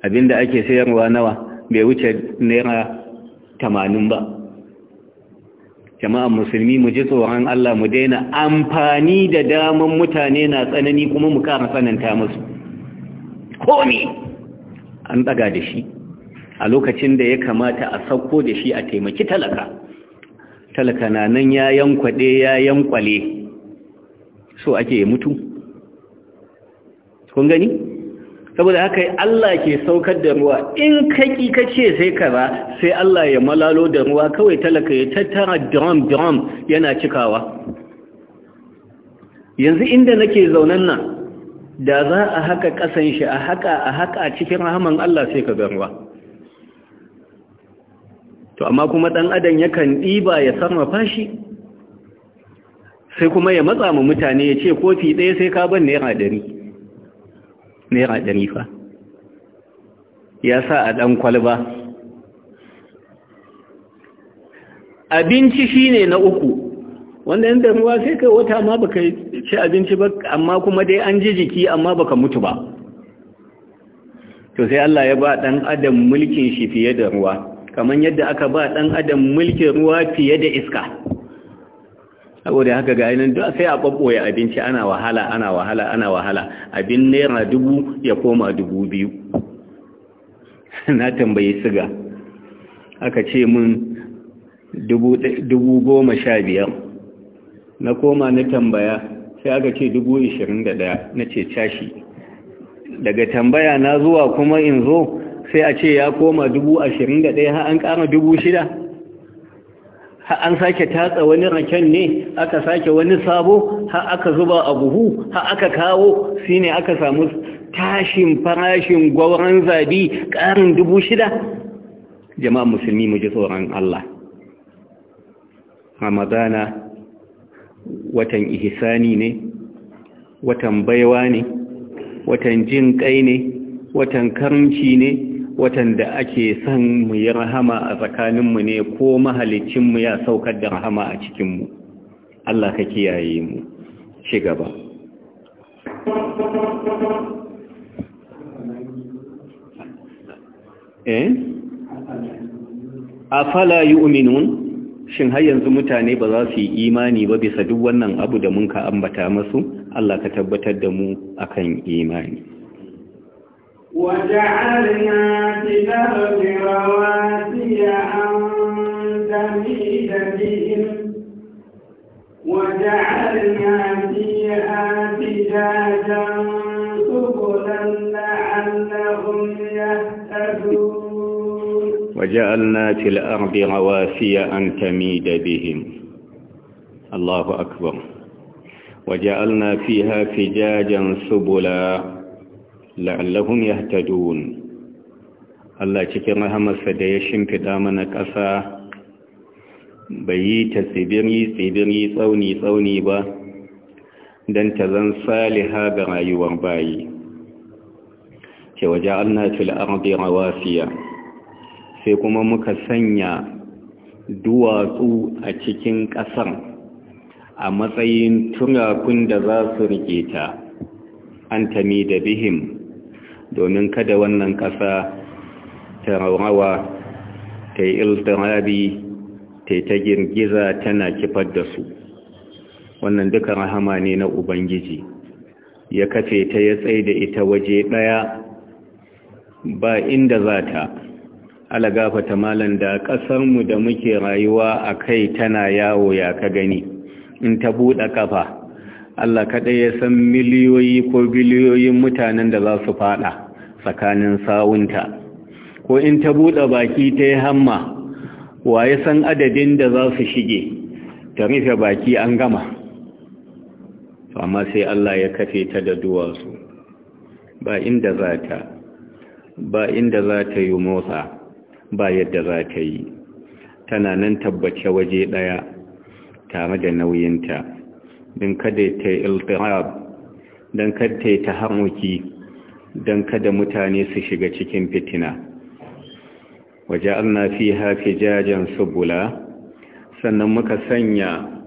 abinda ake sayarwa nawa bai wuce naira tamanin ba jama'an musulmi mu ji tsoron Allah mu daina amfani da daman mutane na tsanani kuma mu kara tsananta musu komi an ɗaga da shi a lokacin da ya kamata a sauko da shi a taimaki talaka talaka na nan ya yankwaɗe ya yankwale so ake mutu kun gani saboda haka Allah ke saukar da ruwa in kaki kace sai kaza sai Allah ya malalo da ruwa kawai talaka ya tattara drum drum yana cikawa yanzu inda nake zaunan nan da za a haka kasan shi a haka a haka cikin rahaman Allah sai ka ga ruwa to amma kuma ɗan adam yakan ɗiba ya sarrafa shi sai kuma ya matsa mu mutane ya ce kofi ɗaya sai ka ban naira ɗari naira ɗari fa ya sa a ɗan kwalba abinci shine na uku wanda yin damuwa sai kai wata ma baka ci abinci ba amma kuma dai an ji jiki amma baka mutu ba to sai Allah ya ba ɗan adam mulkin shi fiye da ruwa kamar yadda aka ba ɗan adam mulkin ruwa fiye da iska saboda haka ga yanin da sai a ɓaɓɓoye abinci ana wahala ana wahala ana wahala abin naira dubu ya koma dubu biyu na tambayi siga aka ce mun dubu goma sha biyar na koma na tambaya sai aka ce dubu ishirin da ɗaya na ce cashi daga tambaya na zuwa kuma in zo sai a ce ya koma dubu ashirin da ɗaya an ƙara dubu shida an sake tatsa wani raken ne aka sake wani sabo Ha aka zuba a buhu haaka aka kawo su ne aka samu tashin farashin gwauron zabi ƙarin dubu shida jama'a musulmi mu ji tsoron Allah ramadana watan ihisani ne watan baiwa ne watan jin ƙai ne watan karimci ne watan da ake san mu yi rahama a tsakaninmu ne ko mahalicinmu ya saukar da rahama a cikinmu Allah ka kiyaye mu ci gaba eh? A fala yi uminun shin har yanzu mutane ba za su yi imani ba bisa duk wannan abu da mun ka ambata masu Allah ka tabbatar da mu akan imani وجعلنا في الأرض رواسي أن تميد بهم وجعلنا فيها فجاجا سبلا لعلهم يهتدون وجعلنا في الأرض رواسي أن تميد بهم الله أكبر وجعلنا فيها فجاجا سبلا la'allahum yahtadun Allah cikin rahamarsa da ya shimfiɗa mana ƙasa bai yi ta tsibiri tsibiri tsauni tsauni ba don ta zan saliha ga rayuwar bayi ke waje annatul ardi rawafiya sai kuma muka sanya duwatsu a cikin ƙasar a matsayin turakun da za su rike ta an tami da bihim domin kada wannan ƙasa ta rawa ta yi iltirabi ta yi ta girgiza tana kifar da su wannan duka rahama ne na ubangiji ya kafe ta ya tsaye da ita waje ɗaya ba inda za ta alagafa ta malan da ƙasarmu da muke rayuwa a kai tana yawo ya ka gani in ta buɗe ƙafa Allah kaɗai ya san miliyoyi ko biliyoyin mutanen da za su faɗa tsakanin sawunta ko in ta buɗe baki ta yi hamma wa ya san adadin da za su shige ta rufe baki an gama amma sai Allah ya kafe ta da duwatsu ba inda za ta ba inda za ta yi motsa ba yadda za ta yi tana nan tabbace waje ɗaya tare da nauyinta don kada ta iltirab don kada ta harmuki don kada mutane su shiga cikin fitina waje na fi hafi jajen subula sannan muka sanya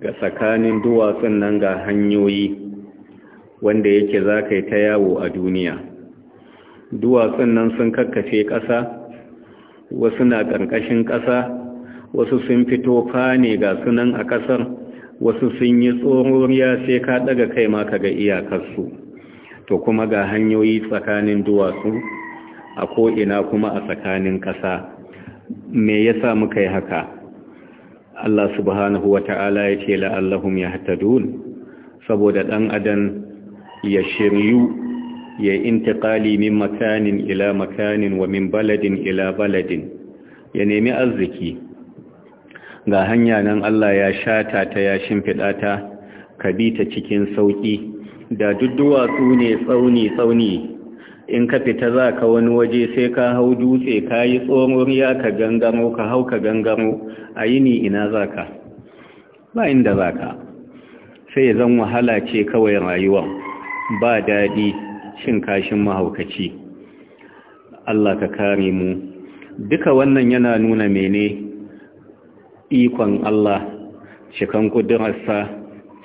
ga tsakanin duwatsun nan ga hanyoyi wanda yake za ka ta yawo a duniya duwatsun nan sun kakkafe ƙasa wasu na ƙarƙashin ƙasa wasu sun fito fane ga sunan a ƙasar wasu sun yi tsororiya sai ka daga kai ma ka ga iyakarsu to kuma ga hanyoyi tsakanin duwatsu a ko'ina kuma a tsakanin ƙasa me yasa muka yi haka Allah subhanahu wata'ala ta'ala ya ce la'allahum ya dun saboda ɗan adam ya shiryu ya intiƙali min makanin ila makanin wa min baladin ila baladin ya nemi arziki ga hanya nan Allah ya shata ta ya shimfiɗa ta ka bi ta cikin sauƙi da dudduwa su ne tsauni-tsauni in ka fita za ka wani waje sai ka hau dutse ka yi tsoron ya ka gangamo ka hau ka gangamo a yi ni ina za ka ba inda za ka sai zan wahala ce kawai rayuwa ba daɗi shin kashin mahaukaci Allah ka kare mu duka wannan yana nuna mene ikon Allah cikan ƙudurarsa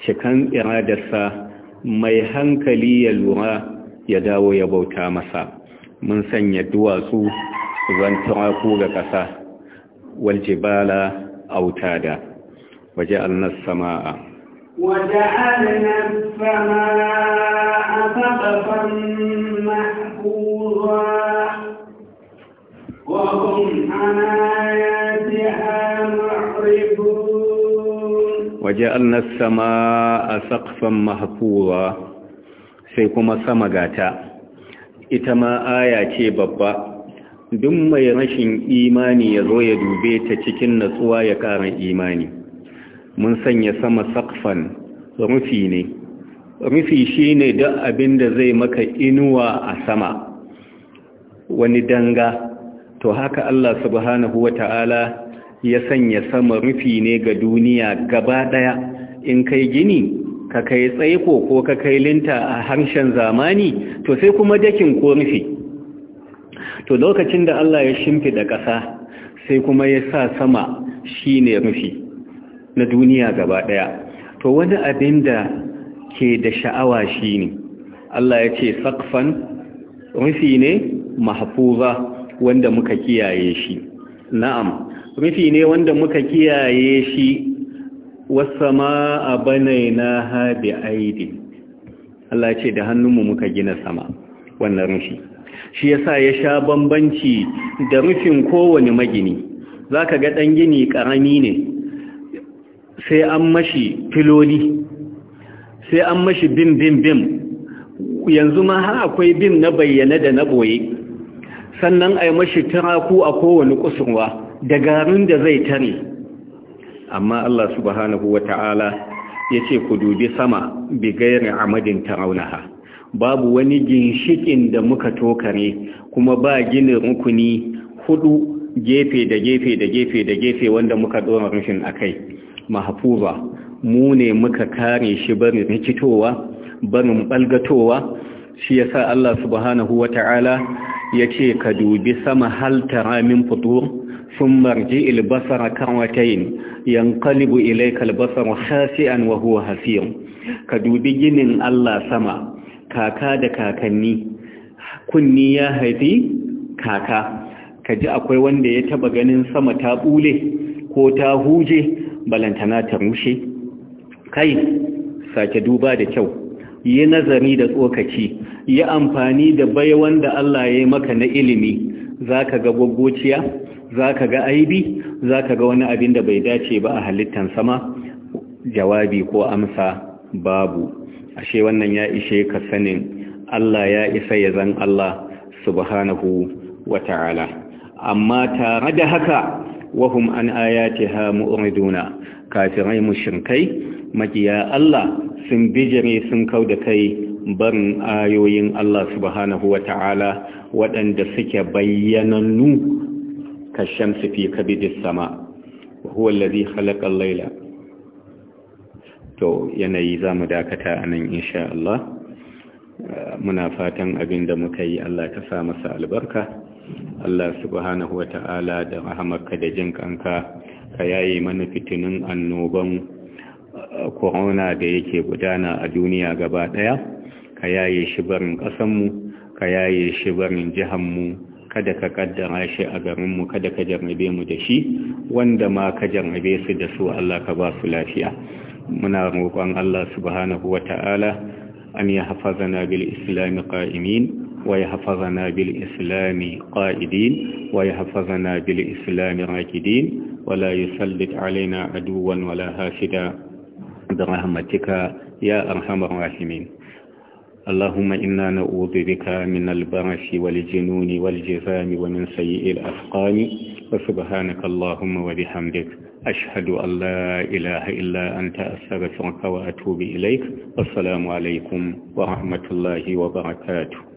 cikan iradarsa mai hankali ya lura ya dawo ya bauta masa mun sanya duwatsu zantaraku ga ƙasa waljibala da. waje annas sama'a وجعلنا السماء سقفا محفوظا وهم عن وجعلنا السماء سقفا محفورا sai kuma sama gata ita ma aya ce babba duk mai rashin imani ya zo ya dube ta cikin natsuwa ya ƙara imani mun sanya sama sakfan rufi ne rufi shine duk abin da zai maka inuwa a sama wani danga to haka Allah subhanahu wa ta'ala ya sanya sama rufi ne ga duniya gaba daya in kai gini ka kai tsaiko ko ka kai linta a harshen zamani to sai kuma dakin ko rufi to lokacin da Allah ya shimfida ƙasa sai kuma ya sa sama shi ne rufi na duniya gaba daya to wani abin da ke da sha'awa shi ne, Allah ya ce sakfan rufi ne mahfuza wanda muka kiyaye shi na'am rufi ne wanda muka kiyaye shi ma a banaina na haɗe aidi Allah ce da hannunmu muka gina sama wannan rufi shi yasa ya sha bambanci da rufin kowane magini Za ka ga ɗan gini ƙarami ne sai an mashi filoli sai an mashi bim bim bim yanzu ma har akwai bim na bayyane da na ɓoye. sannan a yi mashi tiraku a kowane kusurwa da garin da zai tare amma Allah subhanahu wa ta'ala ya ce ku dubi sama bi gairin amadin taraunaha babu wani ginshikin da muka tokare kuma ba ginin rukuni hudu gefe da gefe da gefe da gefe wanda muka dora rushin akai mahfuza mu ne muka kare shi bari rikitowa barin balgatowa shi yasa Allah subhanahu ya yace ka dubi sama hal tara min futur ثم ارجع البصر كروتين ينقلب إليك البصر خاسئا Ka dubi ginin Allah sama, kaka da kakanni. kunni ya haifi kaka ka ji akwai wanda ya taba ganin sama ta bule ko ta huje balantana ta rushe kai sake duba da kyau yi nazari da tsokaci yi amfani da baiwan da Allah ya yi maka na ilimi za ka ga gwaggociya za ka ga aibi za ka ga wani abin da bai dace ba a halittan sama jawabi ko amsa babu ashe wannan ya ishe ka sanin Allah ya isa ya zan Allah subhanahu wa ta'ala amma tare da haka wahum an ha mu'riduna kafirai mushrikai makiya Allah sun bijire sun kauda kai barin ayoyin Allah subhanahu wa ta'ala waɗanda suke bayyanannu كالشمس في كبد السماء وهو الذي خلق الليل to yanayi za mu dakata anan, nan muna fatan abin da muka yi Allah ta sa masa albarka Allah subhanahu Ta'ala da rahamarka da jin kanka ka yaye mana fitinin annoban corona da yake gudana a duniya gaba daya ka yaye shi barin kasanmu ka yaye shi barin jihanmu kada ka kaddara shi a garinmu kada ka jarrabe mu da shi wanda ma ka jarrabe su da su Allah ka ba su lafiya muna roƙon Allah subhanahu wata'ala an ya hafazana bil islami qa'imin wa ya hafazana bil islami qa'idin wa ya hafazana bil islami raqidin wa la yusallit alaina aduwan wala hasida bi rahmatika ya arhamar rahimin اللهم إنا نعوذ بك من البرش والجنون والجفام ومن سيء الأثقال وسبحانك اللهم وبحمدك أشهد أن لا إله إلا أنت أستغفرك وأتوب إليك والسلام عليكم ورحمة الله وبركاته